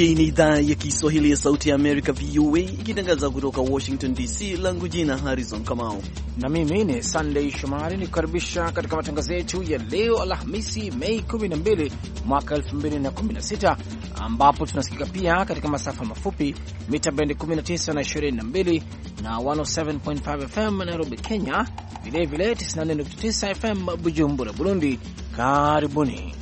Hii ni idhaa ya Kiswahili ya Sauti ya Amerika, VOA, ikitangaza kutoka Washington DC. Langu jina Harrison Kamau na mimi ni Sandey Shomari, ni kukaribisha katika matangazo yetu ya leo Alhamisi, Mei 12 mwaka 2016, ambapo tunasikika pia katika masafa mafupi mita bendi 19 na 22 na 107.5 FM Nairobi, Kenya, vilevile 94.9 FM Bujumbura, Burundi. Karibuni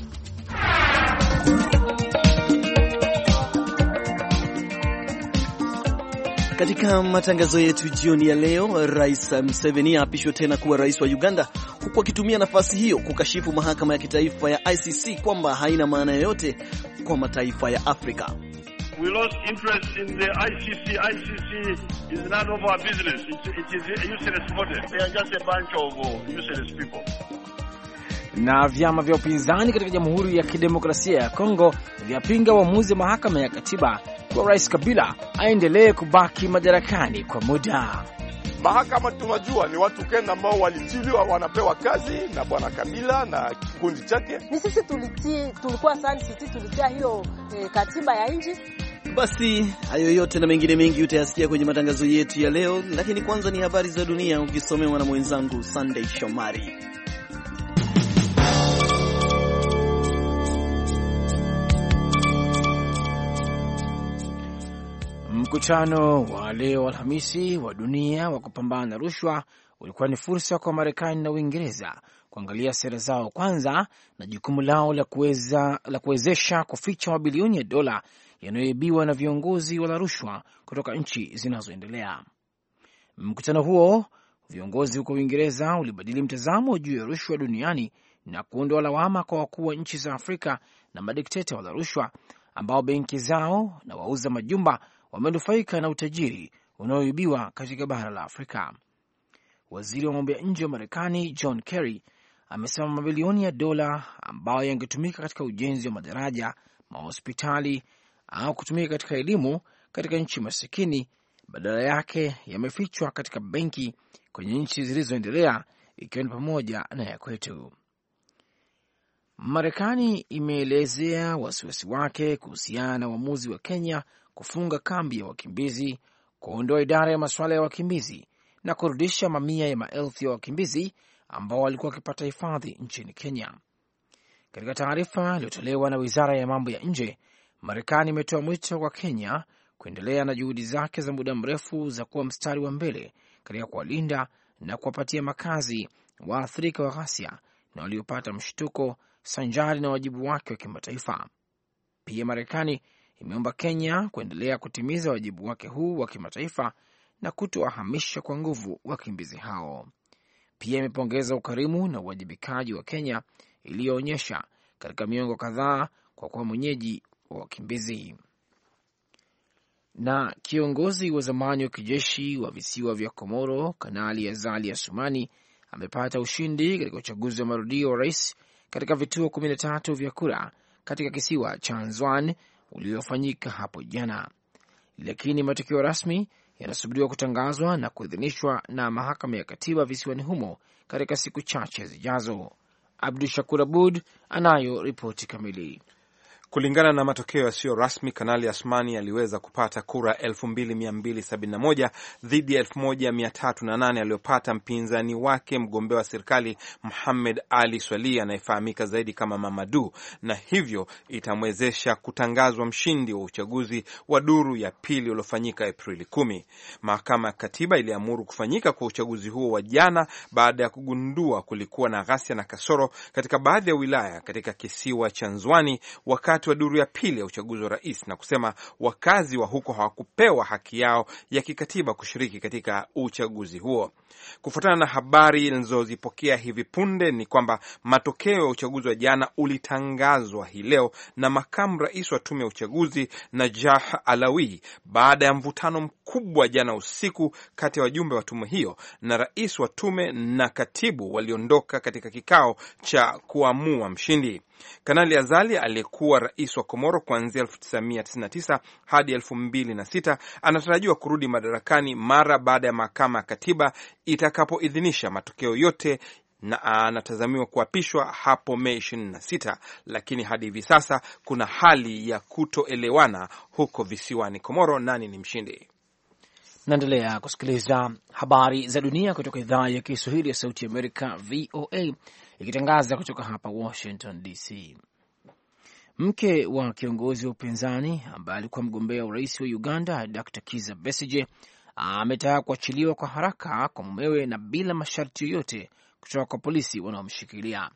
Katika matangazo yetu jioni ya leo, Rais Museveni aapishwa tena kuwa rais wa Uganda, huku akitumia nafasi hiyo kukashifu mahakama ya kitaifa ya ICC kwamba haina maana yoyote kwa mataifa ya Afrika. Uh, Na vyama vya upinzani katika Jamhuri ya Kidemokrasia ya Kongo vyapinga uamuzi wa mahakama ya katiba wa Rais Kabila aendelee kubaki madarakani kwa muda. Mahakama tunajua ni watu kenda ambao walitiliwa wanapewa kazi na bwana Kabila na kikundi chake. Ni sisi tuliti, tulikuwa sani sisi tulitia hiyo e, katiba ya nchi. Basi hayo yote na mengine mengi utayasikia kwenye matangazo yetu ya leo, lakini kwanza ni habari za dunia ukisomewa na mwenzangu Sunday Shomari. Mkutano wa leo Alhamisi wa dunia wa kupambana na rushwa ulikuwa ni fursa kwa Marekani na Uingereza kuangalia sera zao kwanza na jukumu lao la kuweza la kuwezesha kuficha mabilioni ya dola yanayoibiwa na viongozi wala rushwa kutoka nchi zinazoendelea. Mkutano huo viongozi huko Uingereza ulibadili mtazamo juu ya rushwa duniani na kuondoa lawama kwa wakuu wa nchi za Afrika na madikteta wala rushwa ambao benki zao na wauza majumba wamenufaika na utajiri unaoibiwa katika bara la Afrika. Waziri wa mambo ya nje wa Marekani John Kerry amesema mabilioni ya dola ambayo yangetumika katika ujenzi wa madaraja, mahospitali au kutumika katika elimu katika nchi masikini, badala yake yamefichwa katika benki kwenye nchi zilizoendelea ikiwa ni pamoja na ya kwetu. Marekani imeelezea wasiwasi wake kuhusiana na uamuzi wa Kenya kufunga kambi ya wakimbizi, kuondoa idara ya masuala ya wakimbizi na kurudisha mamia ya maelfu ya wakimbizi ambao walikuwa wakipata hifadhi nchini Kenya. Katika taarifa iliyotolewa na wizara ya mambo ya nje, Marekani imetoa mwito kwa Kenya kuendelea na juhudi zake za muda mrefu za kuwa mstari wa mbele katika kuwalinda na kuwapatia makazi waathirika wa ghasia na waliopata mshtuko, sanjari na wajibu wake wa kimataifa. Pia Marekani imeomba Kenya kuendelea kutimiza wajibu wake huu wa kimataifa na kutowahamisha kwa nguvu wakimbizi hao. Pia imepongeza ukarimu na uwajibikaji wa Kenya iliyoonyesha katika miongo kadhaa kwa kuwa mwenyeji wa wakimbizi. Na kiongozi wa zamani wa kijeshi wa visiwa vya Komoro, Kanali Azali Asumani amepata ushindi katika uchaguzi wa marudio wa rais katika vituo 13 vya kura katika kisiwa cha nzwan uliofanyika hapo jana, lakini matokeo rasmi yanasubiriwa kutangazwa na kuidhinishwa na mahakama ya katiba visiwani humo katika siku chache zijazo. Abdu Shakur Abud anayo ripoti kamili. Kulingana na matokeo yasiyo rasmi, Kanali Asmani aliweza kupata kura 2271 dhidi ya 1308 aliyopata mpinzani wake, mgombea wa serikali Muhamed Ali Swali anayefahamika zaidi kama Mamadu, na hivyo itamwezesha kutangazwa mshindi wa uchaguzi wa duru ya pili uliofanyika Aprili 10. Mahakama ya Katiba iliamuru kufanyika kwa uchaguzi huo wa jana baada ya kugundua kulikuwa na ghasia na kasoro katika baadhi ya wilaya katika kisiwa cha Nzwani wakati wakati wa duru ya pili ya uchaguzi wa rais na kusema wakazi wa huko hawakupewa haki yao ya kikatiba kushiriki katika uchaguzi huo. Kufuatana na habari nilizozipokea hivi punde, ni kwamba matokeo ya uchaguzi wa jana ulitangazwa hii leo na makamu rais wa tume ya uchaguzi Najah Alawi baada ya mvutano mkubwa jana usiku kati ya wajumbe wa tume hiyo na rais wa tume na katibu waliondoka katika kikao cha kuamua mshindi. Kanali Azali aliyekuwa rais wa Komoro kuanzia 1999 hadi 2006 anatarajiwa kurudi madarakani mara baada ya mahakama ya katiba itakapoidhinisha matokeo yote na anatazamiwa kuapishwa hapo Mei 26, lakini hadi hivi sasa kuna hali ya kutoelewana huko visiwani Komoro nani ni mshindi. Naendelea kusikiliza habari za dunia kutoka idhaa ya Kiswahili ya Sauti ya Amerika, VOA ikitangaza kutoka hapa Washington DC. Mke wa kiongozi wa upinzani ambaye alikuwa mgombea urais wa Uganda, Dr Kiza Besige, ametaka kuachiliwa kwa haraka kwa mumewe na bila masharti yoyote kutoka kwa polisi wanaomshikilia.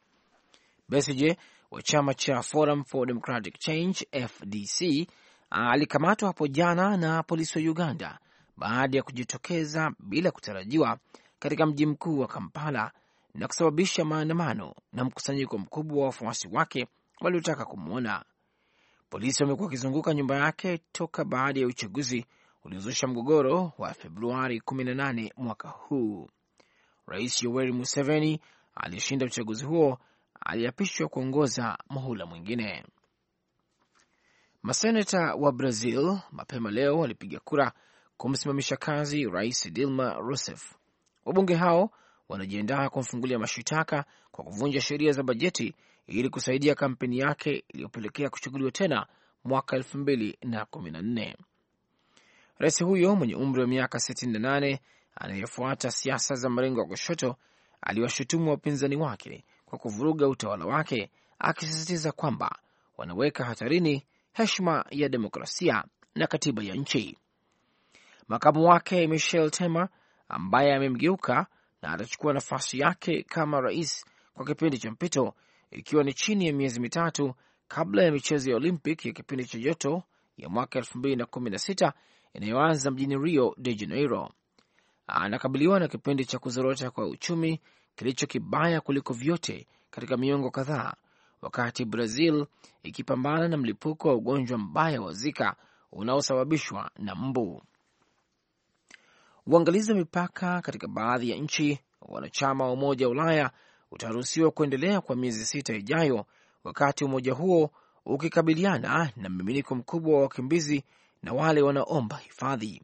Besige wa chama cha Forum for Democratic Change FDC alikamatwa hapo jana na polisi wa Uganda baada ya kujitokeza bila kutarajiwa katika mji mkuu wa Kampala na kusababisha maandamano na mkusanyiko mkubwa wa wafuasi wake waliotaka kumwona. Polisi wamekuwa wakizunguka nyumba yake toka baada ya uchaguzi uliozusha mgogoro wa Februari 18 mwaka huu. Rais Yoweri Museveni aliyeshinda uchaguzi huo aliapishwa kuongoza muhula mwingine. Maseneta wa Brazil mapema leo walipiga kura kumsimamisha kazi rais Dilma Rousseff. Wabunge hao wanajiandaa kumfungulia mashitaka kwa kuvunja sheria za bajeti ili kusaidia kampeni yake iliyopelekea kuchuguliwa tena mwaka 2014. Rais huyo mwenye umri wa miaka 68 anayefuata siasa za mrengo wa kushoto aliwashutumu wapinzani wake kwa kuvuruga utawala wake, akisisitiza kwamba wanaweka hatarini heshima ya demokrasia na katiba ya nchi. Makamu wake Michel Temer ambaye amemgeuka na atachukua nafasi yake kama rais kwa kipindi cha mpito, ikiwa ni chini ya miezi mitatu kabla ya michezo ya Olympic ya kipindi cha joto ya mwaka 2016 inayoanza mjini Rio de Janeiro. Anakabiliwa na kipindi cha kuzorota kwa uchumi kilicho kibaya kuliko vyote katika miongo kadhaa, wakati Brazil ikipambana na mlipuko wa ugonjwa mbaya wa Zika unaosababishwa na mbu. Uangalizi wa mipaka katika baadhi ya nchi wanachama wa Umoja wa Ulaya utaruhusiwa kuendelea kwa miezi sita ijayo, wakati umoja huo ukikabiliana na mmiminiko mkubwa wa wakimbizi na wale wanaomba hifadhi.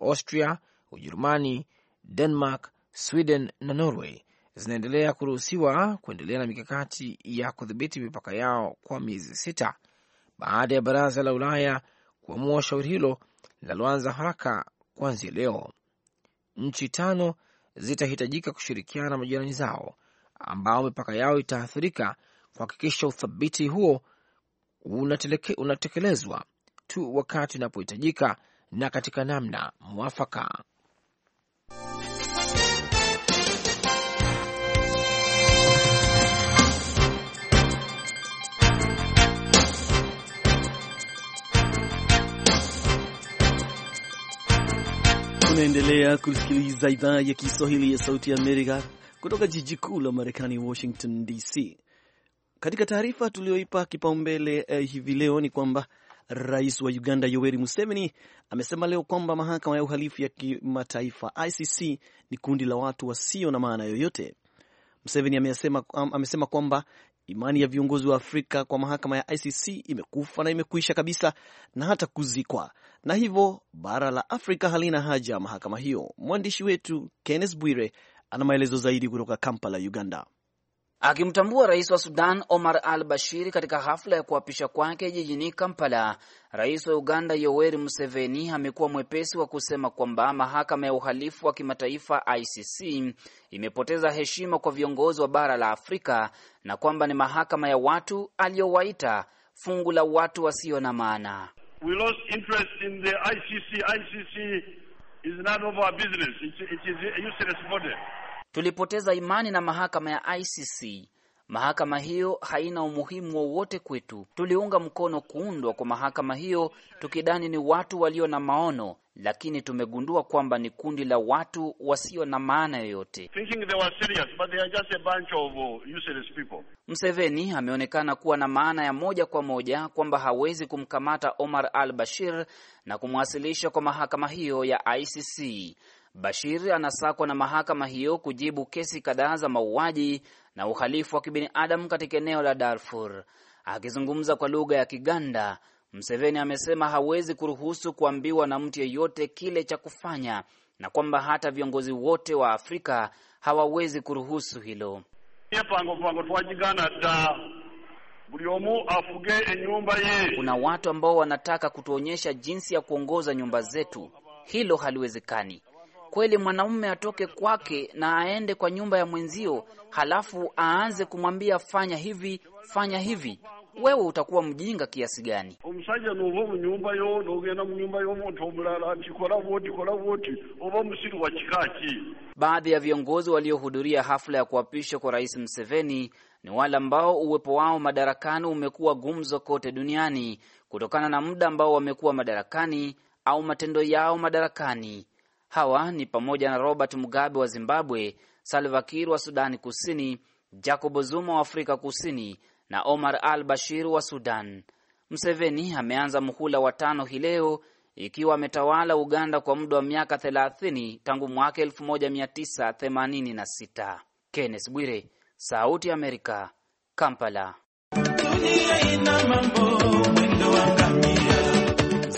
Austria, Ujerumani, Denmark, Sweden na Norway zinaendelea kuruhusiwa kuendelea na mikakati ya kudhibiti mipaka yao kwa miezi sita baada ya Baraza la Ulaya kuamua shauri hilo linaloanza haraka kuanzia leo. Nchi tano zitahitajika kushirikiana na majirani zao ambao mipaka yao itaathirika kuhakikisha uthabiti huo unatekelezwa tu wakati unapohitajika na katika namna mwafaka. Unaendelea kusikiliza idhaa ya Kiswahili ya Sauti ya Amerika kutoka jiji kuu la Marekani, Washington DC. Katika taarifa tuliyoipa kipaumbele eh, hivi leo ni kwamba Rais wa Uganda Yoweri Museveni amesema leo kwamba mahakama ya uhalifu ya kimataifa ICC ni kundi la watu wasio na maana yoyote. Museveni amesema, amesema kwamba imani ya viongozi wa Afrika kwa mahakama ya ICC imekufa na imekuisha kabisa na hata kuzikwa, na hivyo bara la Afrika halina haja ya mahakama hiyo. Mwandishi wetu Kenneth Bwire ana maelezo zaidi kutoka Kampala, Uganda. Akimtambua rais wa Sudan Omar al Bashir katika hafla ya kuapisha kwake jijini Kampala, rais wa Uganda Yoweri Museveni amekuwa mwepesi wa kusema kwamba mahakama ya uhalifu wa kimataifa ICC imepoteza heshima kwa viongozi wa bara la Afrika na kwamba ni mahakama ya watu aliyowaita fungu la watu wasio na maana. We lost interest in the ICC. ICC is none of our business. It, it is useless body. Tulipoteza imani na mahakama ya ICC Mahakama hiyo haina umuhimu wowote kwetu. Tuliunga mkono kuundwa kwa mahakama hiyo tukidhani ni watu walio na maono, lakini tumegundua kwamba ni kundi la watu wasio na maana yoyote. Uh, Mseveni ameonekana kuwa na maana ya moja kwa moja kwamba hawezi kumkamata Omar al-Bashir na kumwasilisha kwa mahakama hiyo ya ICC. Bashir anasakwa na mahakama hiyo kujibu kesi kadhaa za mauaji na uhalifu wa kibinadamu katika eneo la Darfur. Akizungumza kwa lugha ya Kiganda, Mseveni amesema hawezi kuruhusu kuambiwa na mtu yeyote kile cha kufanya na kwamba hata viongozi wote wa Afrika hawawezi kuruhusu hilo. Kuna watu ambao wanataka kutuonyesha jinsi ya kuongoza nyumba zetu. Hilo haliwezekani kweli mwanaume atoke kwake na aende kwa nyumba ya mwenzio, halafu aanze kumwambia fanya hivi, fanya hivi, wewe utakuwa mjinga kiasi gani? omusajja nova munyumba yo nogenda munyumba y'omuntu omulala nti kola kola oba musiri wa kikaki. Baadhi ya viongozi waliohudhuria hafla ya kuapishwa kwa Rais Museveni ni wale ambao uwepo wao madarakani umekuwa gumzo kote duniani kutokana na muda ambao wamekuwa madarakani au matendo yao madarakani. Hawa ni pamoja na Robert Mugabe wa Zimbabwe, Salva Kiir wa Sudani Kusini, Jacob Zuma wa Afrika Kusini na Omar al Bashir wa Sudan. mseveni ameanza muhula wa tano hii leo ikiwa ametawala Uganda kwa muda wa miaka 30 tangu mwaka 1986. Kenneth Bwire, Sauti ya Amerika, Kampala. Dunia ina mambo, mwendo wa ngamia.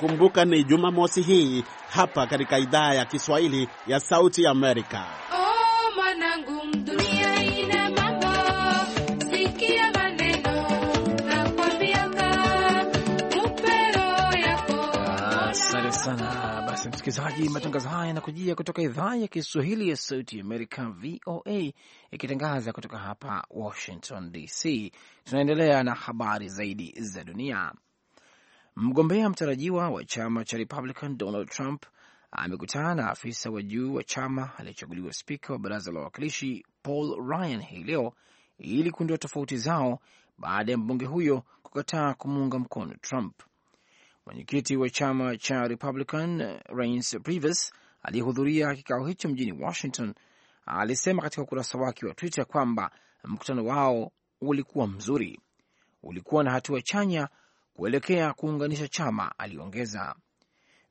Kumbuka ni Jumamosi hii hapa katika idhaa ya Kiswahili ya Sauti ya Amerika. Asante sana. Basi msikilizaji, matangazo haya yanakujia kutoka idhaa ya Kiswahili ya Sauti america Amerika, VOA, ikitangaza kutoka hapa Washington DC. Tunaendelea na habari zaidi za dunia. Mgombea mtarajiwa wa chama cha Republican Donald Trump amekutana na afisa wa juu wa chama aliyechaguliwa spika wa baraza la wawakilishi Paul Ryan hii leo ili kuondoa tofauti zao baada ya mbunge huyo kukataa kumuunga mkono Trump. Mwenyekiti wa chama cha Republican Reince Priebus aliyehudhuria kikao hicho mjini Washington alisema katika ukurasa wake wa Twitter kwamba mkutano wao ulikuwa mzuri, ulikuwa na hatua chanya kuelekea kuunganisha chama, aliongeza.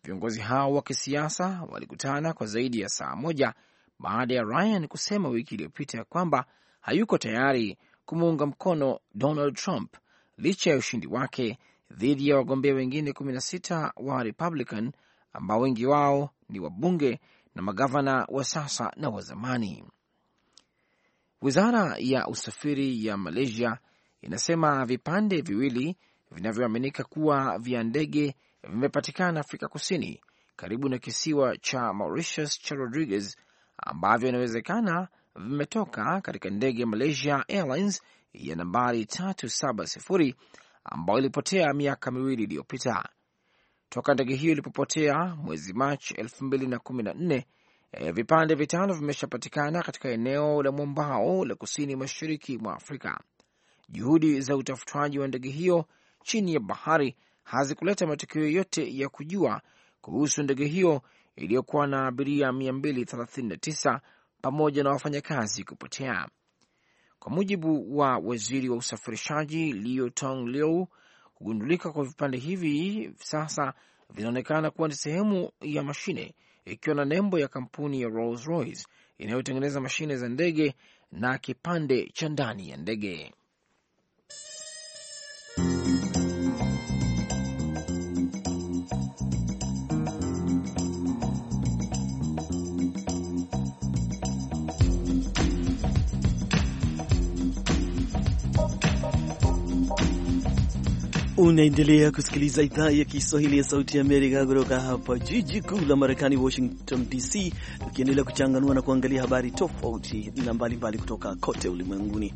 Viongozi hao wa kisiasa walikutana kwa zaidi ya saa moja baada ya Ryan kusema wiki iliyopita kwamba hayuko tayari kumuunga mkono Donald Trump licha ya ushindi wake dhidi ya wagombea wengine 16 wa Republican ambao wengi wao ni wabunge na magavana wa sasa na wa zamani. Wizara ya usafiri ya Malaysia inasema vipande viwili vinavyoaminika kuwa vya ndege vimepatikana Afrika Kusini karibu na kisiwa cha Mauritius cha Rodriguez ambavyo inawezekana vimetoka katika ndege ya Malaysia Airlines ya nambari 370 ambayo ilipotea miaka miwili iliyopita. Toka ndege hiyo ilipopotea mwezi Machi 2014, e, vipande vitano vimeshapatikana katika eneo la mwambao la kusini mashariki mwa Afrika. Juhudi za utafutaji wa ndege hiyo chini ya bahari hazikuleta matokeo yote ya kujua kuhusu ndege hiyo iliyokuwa na abiria 239 pamoja na wafanyakazi kupotea. Kwa mujibu wa waziri wa usafirishaji Leo Tong Liu, kugundulika kwa vipande hivi sasa vinaonekana kuwa ni sehemu ya mashine ikiwa na nembo ya kampuni ya Rolls Royce inayotengeneza mashine za ndege na kipande cha ndani ya ndege. Unaendelea kusikiliza idhaa ya Kiswahili ya Sauti ya Amerika kutoka hapa jiji kuu la Marekani, Washington DC, tukiendelea kuchanganua na kuangalia habari tofauti na mbalimbali kutoka kote ulimwenguni.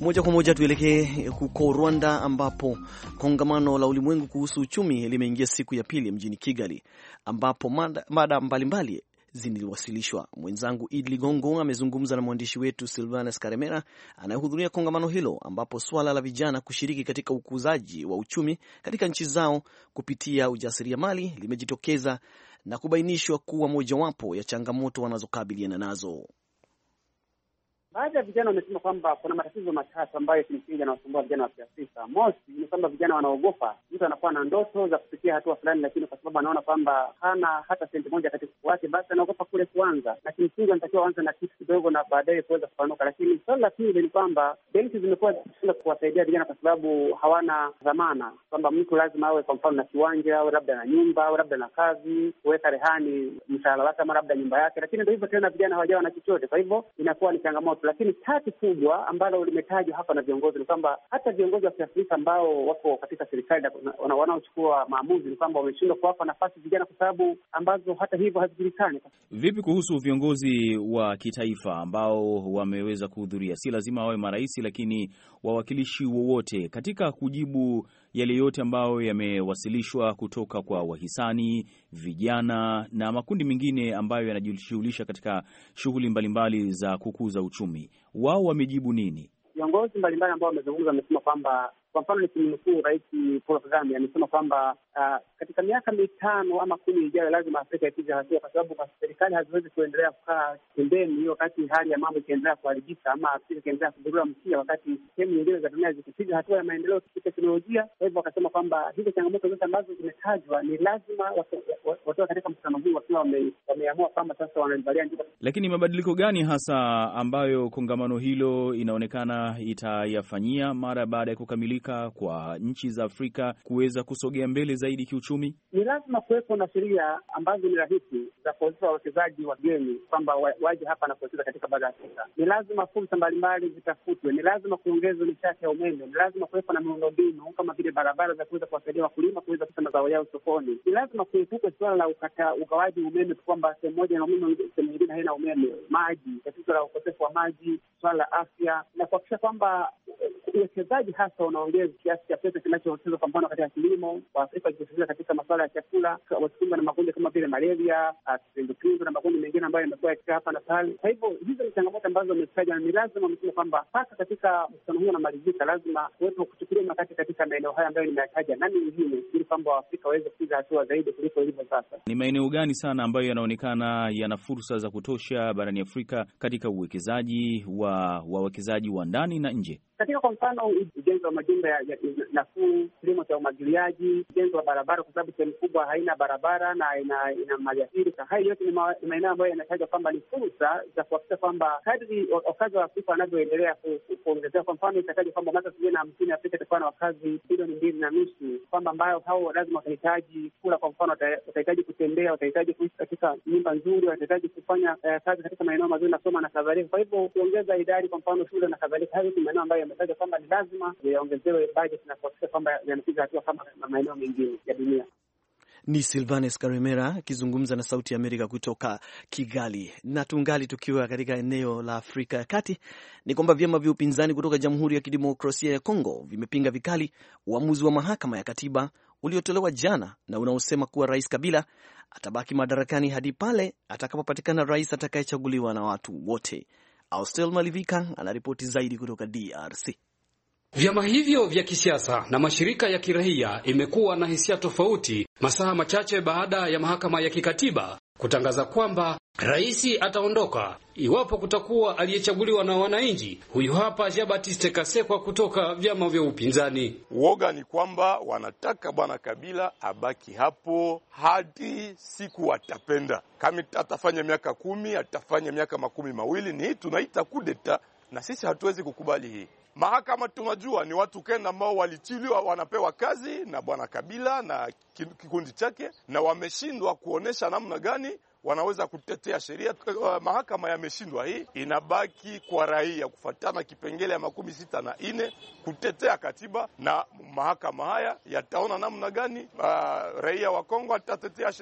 Moja kwa moja tuelekee huko Rwanda, ambapo kongamano la ulimwengu kuhusu uchumi limeingia siku ya pili mjini Kigali, ambapo mada mbalimbali ziliwasilishwa. Mwenzangu Id Ligongo amezungumza na mwandishi wetu silvanus Karemera anayehudhuria kongamano hilo, ambapo swala la vijana kushiriki katika ukuzaji wa uchumi katika nchi zao kupitia ujasiriamali limejitokeza na kubainishwa kuwa mojawapo ya changamoto wanazokabiliana nazo. Baadhi ya vijana wamesema kwamba kuna matatizo matatu ambayo kimsingi yanawasumbua vijana wa Kiafrika. Mosi ni kwamba vijana wanaogopa, mtu anakuwa na ndoto za kufikia hatua fulani, lakini kwa sababu anaona kwamba hana hata senti moja katika mfuko wake, basi anaogopa kule kuanza, na kimsingi anatakiwa anza na kitu kidogo na baadaye kuweza kupanuka. Lakini swali la pili ni kwamba benki zimekuwa zikishindwa kuwasaidia vijana kwa sababu hawana dhamana, kwamba mtu lazima awe kwa mfano na kiwanja, au labda na nyumba, au labda na kazi, kuweka rehani mshahara wake ama labda nyumba yake, lakini ndo hivyo tena, vijana hawajawa na chochote, kwa hivyo inakuwa ni changamoto. Europe. Lakini tatu kubwa ambalo limetajwa hapa na viongozi ni kwamba hata viongozi wa Kiafrika ambao wako katika serikali wanaochukua maamuzi ni kwamba wameshindwa kuwapa nafasi vijana kwa sababu ambazo hata hivyo hazijulikani. Vipi kuhusu viongozi wa kitaifa ambao wameweza kuhudhuria? Si lazima wawe marais, lakini wawakilishi wowote katika kujibu yale yote ambayo yamewasilishwa kutoka kwa wahisani, vijana na makundi mengine ambayo yanajishughulisha katika shughuli mbalimbali za kukuza uchumi, wao wamejibu nini? Viongozi mbalimbali ambao wamezungumza wamesema kwamba kwa mfano ni mkuu Rais Paul Kagame amesema kwamba uh, katika miaka mitano ama kumi ijayo lazima Afrika ipige hatua, kwa sababu serikali haziwezi kuendelea kukaa pembeni wakati hali ya mambo ikiendelea kuharibika ama Afrika ikiendelea kudurua mkia, wakati sehemu nyingine za dunia zikipiga hatua ya maendeleo kiteknolojia. Kwa hivyo wakasema kwamba hizo changamoto zote ambazo zimetajwa ni lazima watoa katika mkutano huu wakiwa wameamua kwamba sasa wanalivalia njia. Lakini mabadiliko gani hasa ambayo kongamano hilo inaonekana itayafanyia mara baada ya kukamilika Afrika, kwa nchi za Afrika kuweza kusogea mbele zaidi kiuchumi? Ni lazima kuwepo na sheria ambazo ni rahisi za kuwezesha wawekezaji wageni kwamba waje hapa na kuwekeza katika bara ya Afrika. Ni lazima fursa mbalimbali zitafutwe, ni lazima kuongezwa nishati ya umeme, ni lazima kuwepo na miundombinu kama vile barabara za kuweza kuwasaidia wakulima kuweza kuuza mazao yao sokoni. Ni lazima kuepuka suala la ukata ugawaji umeme, kwamba sehemu moja na umeme sehemu nyingine haina umeme, maji, tatizo la ukosefu wa maji, suala la afya na kuhakikisha kwamba uwekezaji hasa unaongeza kiasi cha pesa kinachowekeza kwa mfano katika kilimo, Waafrika wakiwekeza katika masuala ya chakula, wakikumba na magonjwa kama vile malaria, ah, kipindupindu na magonjwa mengine ambayo yamekuwa yakikaa hapa na pale. Kwa hivyo hizo ni changamoto ambazo wamezitaja, na ni lazima wamesema kwamba hasa katika mkutano huu unamalizika, lazima kuwepo kuchukulia makati katika maeneo haya ambayo nimeyataja na mengine, ili kwamba Waafrika waweze kupiga hatua zaidi kuliko ilivyo sasa. Ni maeneo gani sana ambayo yanaonekana yana fursa za kutosha barani Afrika katika uwekezaji wa wawekezaji wa ndani na nje katika mfano ujenzi wa majumba ya nafuu, kilimo cha umwagiliaji, ujenzi wa barabara, kwa sababu sehemu kubwa haina barabara na ina, ina maliasili. Hayo yote ni maeneo ambayo yanatajwa kwamba ni fursa za kuhakikisha kwamba kadri wakazi wa Afrika wanavyoendelea kuongezea. Kwa mfano, itatajwa kwamba mwaka elfu mbili na hamsini Afrika itakuwa na wakazi bilioni mbili na nusu, kwamba ambayo hao lazima watahitaji kula, kwa mfano, watahitaji kutembea, watahitaji kuishi katika nyumba nzuri, watahitaji kufanya eh, kazi katika maeneo mazuri nasoma na kadhalika. Kwa hivyo kuongeza idadi, kwa mfano, shule na kadhalika, hayo ni maeneo ambayo yametajwa kwamba kwamba ni lazima yaongezewe bajeti na kuhakikisha kwamba yanapiga hatua kama maeneo mengine ya dunia. Ni Silvanes Karimera akizungumza na Sauti ya Amerika kutoka Kigali. Na tungali tukiwa katika eneo la Afrika ya Kati, ni kwamba vyama vya upinzani kutoka Jamhuri ya Kidemokrasia ya Kongo vimepinga vikali uamuzi wa mahakama ya katiba uliotolewa jana na unaosema kuwa Rais Kabila atabaki madarakani hadi pale atakapopatikana rais atakayechaguliwa na watu wote. Austel Malivika anaripoti zaidi kutoka DRC. Vyama hivyo vya kisiasa na mashirika ya kiraia imekuwa na hisia tofauti masaa machache baada ya mahakama ya kikatiba kutangaza kwamba rais ataondoka iwapo kutakuwa aliyechaguliwa na wananchi. Huyu hapa Jean Baptiste Kasekwa kutoka vyama vya upinzani. Uoga ni kwamba wanataka bwana Kabila abaki hapo hadi siku atapenda. Kama atafanya miaka kumi, atafanya miaka makumi mawili, ni hii tunaita kudeta, na sisi hatuwezi kukubali hii. Mahakama tunajua ni watu kenda ambao walichiliwa wanapewa kazi na bwana Kabila na kikundi chake, na wameshindwa kuonyesha namna gani wanaweza kutetea sheria. Eh, mahakama yameshindwa, hii inabaki kwa raia kufatana kipengele ya makumi sita na nne kutetea katiba, na mahakama haya yataona namna gani uh, raia wa Kongo atatetea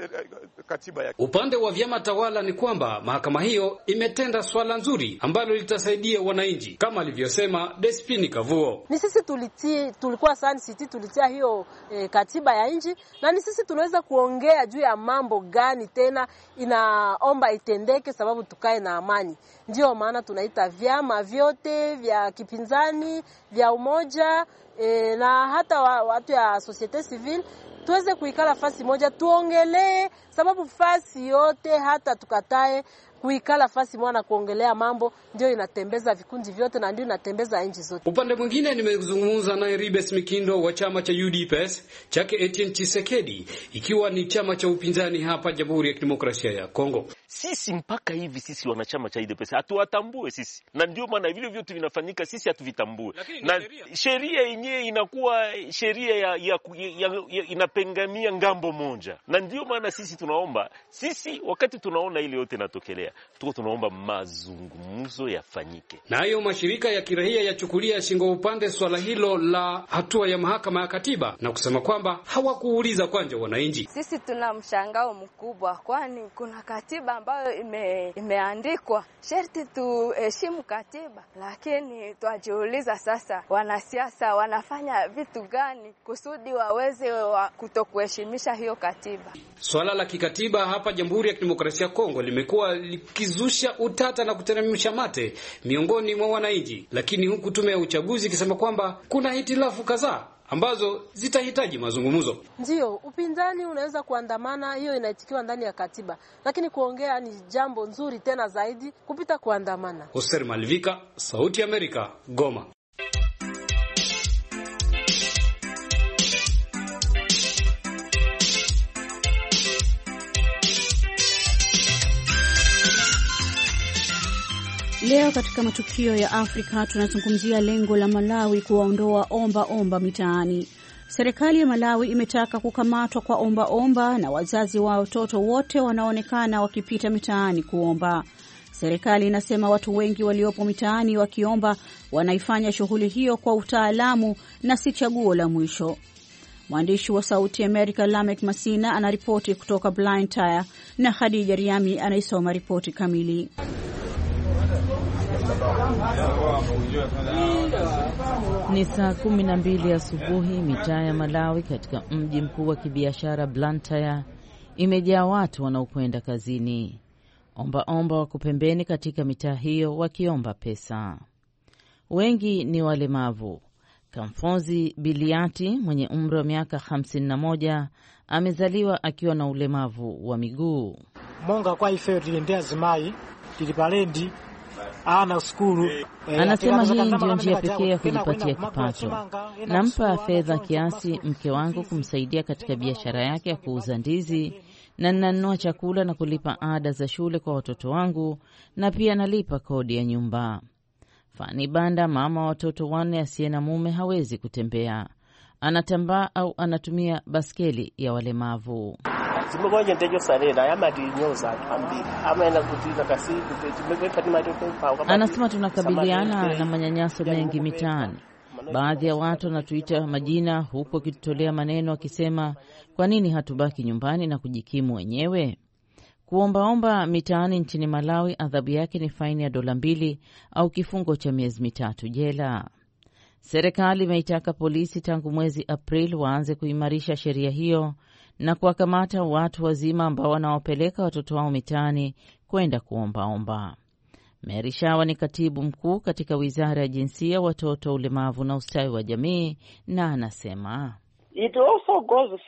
katiba yake. Upande wa vyama tawala ni kwamba mahakama hiyo imetenda swala nzuri ambalo litasaidia wananchi kama alivyosema Despini Kavuo. Ni sisi tuliti, tulikuwa sana siti tulitia hiyo eh, katiba ya nchi, na ni sisi tunaweza kuongea juu ya mambo gani tena in tunaomba itendeke, sababu tukae na amani. Ndiyo maana tunaita vyama vyote vya kipinzani vya umoja e, na hata watu ya societe civile tuweze kuikala fasi moja, tuongelee sababu fasi yote hata tukatae kuikala fasi mwana kuongelea mambo, ndio inatembeza vikundi vyote na ndio inatembeza nchi zote. Upande mwingine, nimezungumza naye Ribes Mikindo wa chama cha UDPS chake Etienne Chisekedi, ikiwa ni chama cha upinzani hapa Jamhuri ya Kidemokrasia ya Kongo. Sisi mpaka hivi sisi wanachama cha UDPS hatuwatambue sisi, na ndio maana vile vyote vinafanyika sisi hatuvitambue, na sheria yenyewe inakuwa sheria ya, ya, ya, ya, inapengamia ngambo moja, na ndio maana sisi tunaomba sisi, wakati tunaona ile yote inatokelea kuendelea. tuko tunaomba mazungumzo yafanyike. Nayo mashirika ya kiraia yachukulia shingo upande swala hilo la hatua ya mahakama ya katiba na kusema kwamba hawakuuliza kwanja wananchi. Sisi tuna mshangao mkubwa, kwani kuna katiba ambayo ime, imeandikwa sherti tuheshimu katiba, lakini twajiuliza sasa, wanasiasa wanafanya vitu gani kusudi waweze wa kutokuheshimisha hiyo katiba? Swala la kikatiba hapa Jamhuri ya Kidemokrasia ya Kongo limekuwa li kizusha utata na kuteremsha mate miongoni mwa wananchi, lakini huku tume ya uchaguzi ikisema kwamba kuna hitilafu kadhaa ambazo zitahitaji mazungumzo. Ndiyo, upinzani unaweza kuandamana, hiyo inaitikiwa ndani ya katiba, lakini kuongea ni jambo nzuri tena zaidi kupita kuandamana. Hoser Malivika, Sauti ya Amerika, Goma. Leo katika matukio ya Afrika tunazungumzia lengo la Malawi kuwaondoa omba omba mitaani. Serikali ya Malawi imetaka kukamatwa kwa omba omba na wazazi wa watoto wote wanaonekana wakipita mitaani kuomba. Serikali inasema watu wengi waliopo mitaani wakiomba wanaifanya shughuli hiyo kwa utaalamu na si chaguo la mwisho. Mwandishi wa Sauti Amerika Lamek Masina anaripoti kutoka Blantyre na hadija Riami anaisoma ripoti kamili. Ni saa kumi na mbili asubuhi. Mitaa ya Malawi katika mji mkuu wa kibiashara Blantyre imejaa watu wanaokwenda kazini. Ombaomba wako pembeni katika mitaa hiyo wakiomba pesa. Wengi ni walemavu. Kamfozi Biliati mwenye umri wa miaka 51 amezaliwa akiwa na ulemavu wa miguu. Eh, eh, Anasema hii ndiyo njia pekee ya kujipatia kipato. Nampa fedha kiasi mke wangu kumsaidia katika biashara yake ya kuuza ndizi, na ninanunua chakula na kulipa ada za shule kwa watoto wangu, na pia nalipa kodi ya nyumba. Fani Banda, mama wa watoto wanne, asiye na mume, hawezi kutembea, anatambaa au anatumia baskeli ya walemavu zimegonye ndejo sarena ama nyoza ambili ama kutiza kasi kuteji kwa. Anasema tunakabiliana na manyanyaso mengi mitaani. Baadhi ya watu wanatuita majina huku wakitutolea maneno wakisema, kwa nini hatubaki nyumbani na kujikimu wenyewe? Kuombaomba mitaani nchini Malawi adhabu yake ni faini ya dola mbili au kifungo cha miezi mitatu jela. Serikali imeitaka polisi tangu mwezi april waanze kuimarisha sheria hiyo na kuwakamata watu wazima ambao wanawapeleka watoto wao mitaani kwenda kuombaomba. Mary Shawa ni katibu mkuu katika wizara ya jinsia, watoto, ulemavu na ustawi wa jamii, na anasema It also goes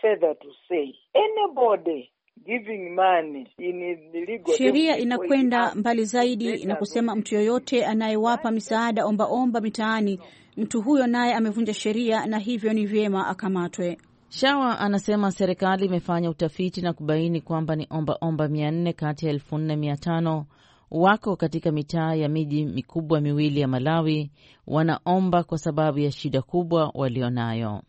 sheria inakwenda mbali zaidi na kusema mtu yoyote anayewapa misaada ombaomba mitaani, mtu huyo naye amevunja sheria, na hivyo ni vyema akamatwe. Shawa anasema serikali imefanya utafiti na kubaini kwamba ni ombaomba mia nne kati ya elfu nne mia tano wako katika mitaa ya miji mikubwa miwili ya Malawi. Wanaomba kwa sababu ya shida kubwa walionayo,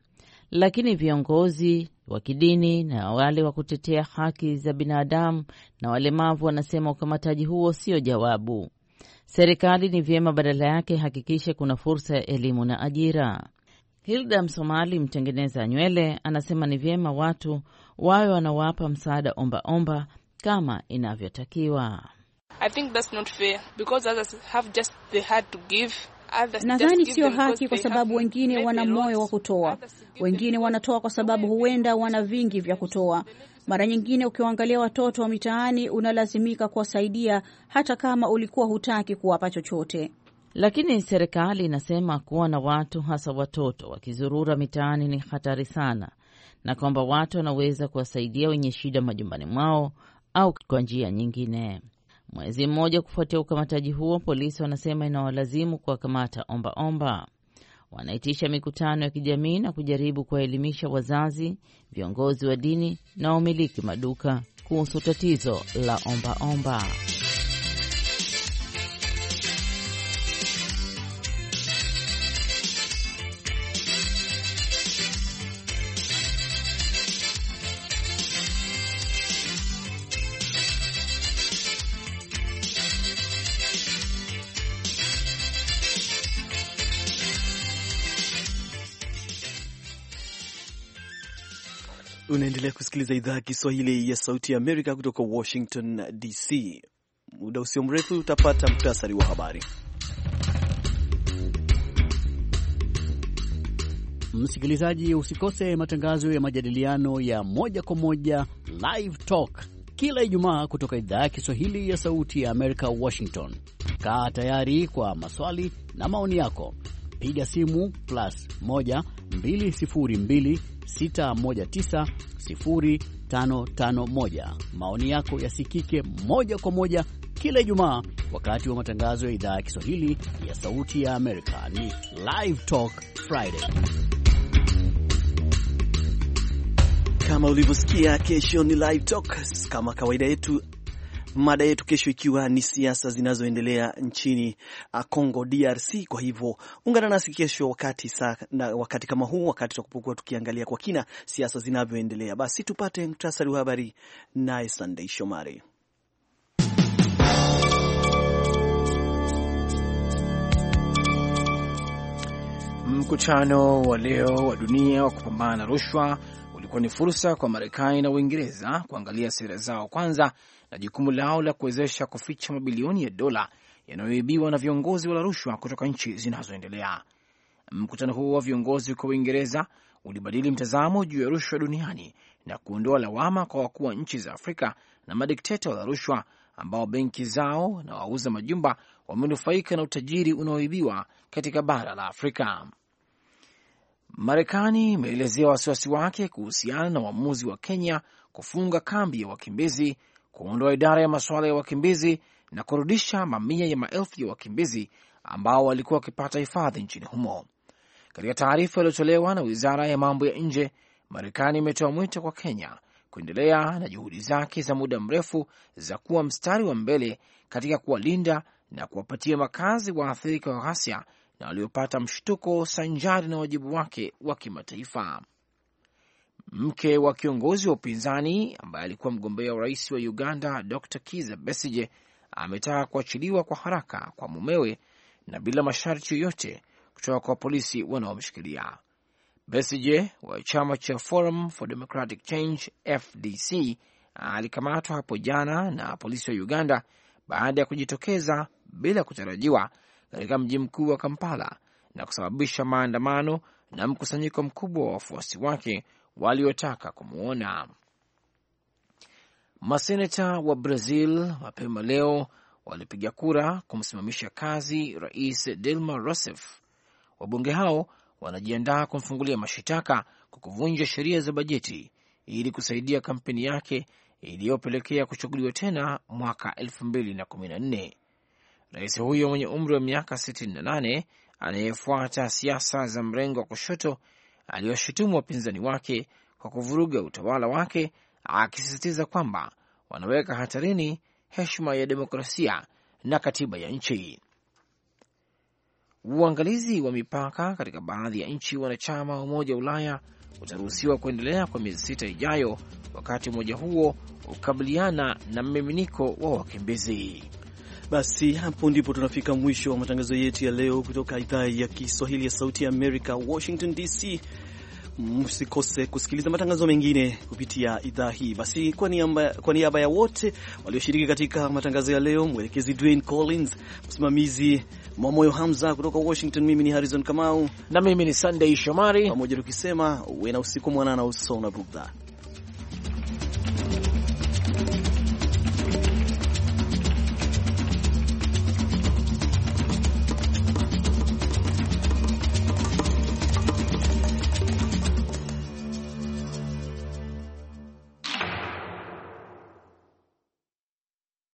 lakini viongozi wa kidini na wale wa kutetea haki za binadamu na walemavu wanasema ukamataji huo sio jawabu. Serikali ni vyema badala yake hakikishe kuna fursa ya elimu na ajira. Hilda Msomali, mtengeneza nywele, anasema ni vyema watu wawe wanawapa msaada ombaomba omba kama inavyotakiwa. Nadhani sio haki kwa sababu wengine wana moyo wa kutoa, wengine wanatoa kwa sababu huenda wana vingi vya kutoa. Mara nyingine ukiwaangalia watoto wa mitaani, unalazimika kuwasaidia hata kama ulikuwa hutaki kuwapa chochote lakini serikali inasema kuwa na watu hasa watoto wakizurura mitaani ni hatari sana, na kwamba watu wanaweza kuwasaidia wenye shida majumbani mwao au kwa njia nyingine. Mwezi mmoja kufuatia ukamataji huo, polisi wanasema inawalazimu kuwakamata ombaomba. Wanaitisha mikutano ya kijamii na kujaribu kuwaelimisha wazazi, viongozi wa dini na wamiliki maduka kuhusu tatizo la ombaomba omba. Unaendelea kusikiliza idhaa ya Kiswahili ya Sauti ya Amerika kutoka Washington DC. Muda usio mrefu utapata muhtasari wa habari. Msikilizaji, usikose matangazo ya majadiliano ya moja kwa moja, Live Talk, kila Ijumaa kutoka idhaa ya Kiswahili ya Sauti ya Amerika, Washington. Kaa tayari kwa maswali na maoni yako, piga simu plus 1 202 619 Maoni yako yasikike moja kwa moja kila Ijumaa wakati wa matangazo ya idhaa ya Kiswahili ya Sauti ya Amerika. Ni Live Talk Friday. Kama ulivyosikia, kesho ni Live Talk kama kawaida yetu mada yetu kesho ikiwa ni siasa zinazoendelea nchini uh, Congo DRC. Kwa hivyo ungana nasi kesho wakati saa, na wakati kama huu, wakati tutakapokuwa tukiangalia kwa kina siasa zinavyoendelea. Basi tupate mktasari wa habari naye Sunday Shomari. Mkutano wa leo wa dunia wa kupambana na rushwa ulikuwa ni fursa kwa Marekani na Uingereza kuangalia sera zao kwanza na jukumu lao la kuwezesha kuficha mabilioni ya dola yanayoibiwa na viongozi wala rushwa kutoka nchi zinazoendelea. Mkutano huo wa viongozi kwa Uingereza ulibadili mtazamo juu ya rushwa duniani na kuondoa lawama kwa wakuu wa nchi za Afrika na madikteta wala rushwa ambao benki zao na wauza majumba wamenufaika na utajiri unaoibiwa katika bara la Afrika. Marekani imeelezea wasiwasi wake kuhusiana na uamuzi wa Kenya kufunga kambi ya wakimbizi kuondoa idara ya masuala ya wakimbizi na kurudisha mamia ya maelfu ya wakimbizi ambao walikuwa wakipata hifadhi nchini humo. Katika taarifa iliyotolewa na wizara ya mambo ya nje, Marekani imetoa mwito kwa Kenya kuendelea na juhudi zake za muda mrefu za kuwa mstari wa mbele katika kuwalinda na kuwapatia makazi waathirika wa ghasia na waliopata mshtuko sanjari na wajibu wake wa kimataifa mke wa kiongozi wa upinzani ambaye alikuwa mgombea urais rais wa Uganda Dr. Kiza Besige ametaka kuachiliwa kwa haraka kwa mumewe na bila masharti yoyote kutoka kwa polisi wanaomshikilia. Besige wa chama cha Forum for Democratic Change FDC alikamatwa hapo jana na polisi wa Uganda baada ya kujitokeza bila kutarajiwa katika mji mkuu wa Kampala na kusababisha maandamano na mkusanyiko mkubwa wa wafuasi wake waliotaka kumwona. Maseneta wa Brazil mapema leo walipiga kura kumsimamisha kazi rais Dilma Rousseff. Wabunge hao wanajiandaa kumfungulia mashitaka kwa kuvunja sheria za bajeti ili kusaidia kampeni yake iliyopelekea kuchaguliwa tena mwaka 2014. Rais huyo mwenye umri wa miaka 68 anayefuata siasa za mrengo wa kushoto aliwashutumu wapinzani wake kwa kuvuruga utawala wake, akisisitiza kwamba wanaweka hatarini heshima ya demokrasia na katiba ya nchi. Uangalizi wa mipaka katika baadhi ya nchi wanachama wa Umoja wa Ulaya utaruhusiwa kuendelea kwa miezi sita ijayo, wakati umoja huo ukabiliana na mmiminiko wa wakimbizi. Basi hapo ndipo tunafika mwisho wa matangazo yetu ya leo kutoka idhaa ya Kiswahili ya Sauti ya Amerika, Washington DC msikose kusikiliza matangazo mengine kupitia idhaa hii. Basi kwa niaba, ya wote walioshiriki katika matangazo ya leo, mwelekezi Dwayne Collins, msimamizi Mwamoyo Hamza kutoka Washington, mimi ni Harrison Kamau na mimi ni Sunday Shomari, pamoja tukisema uwe na usiku mwanana usona budha.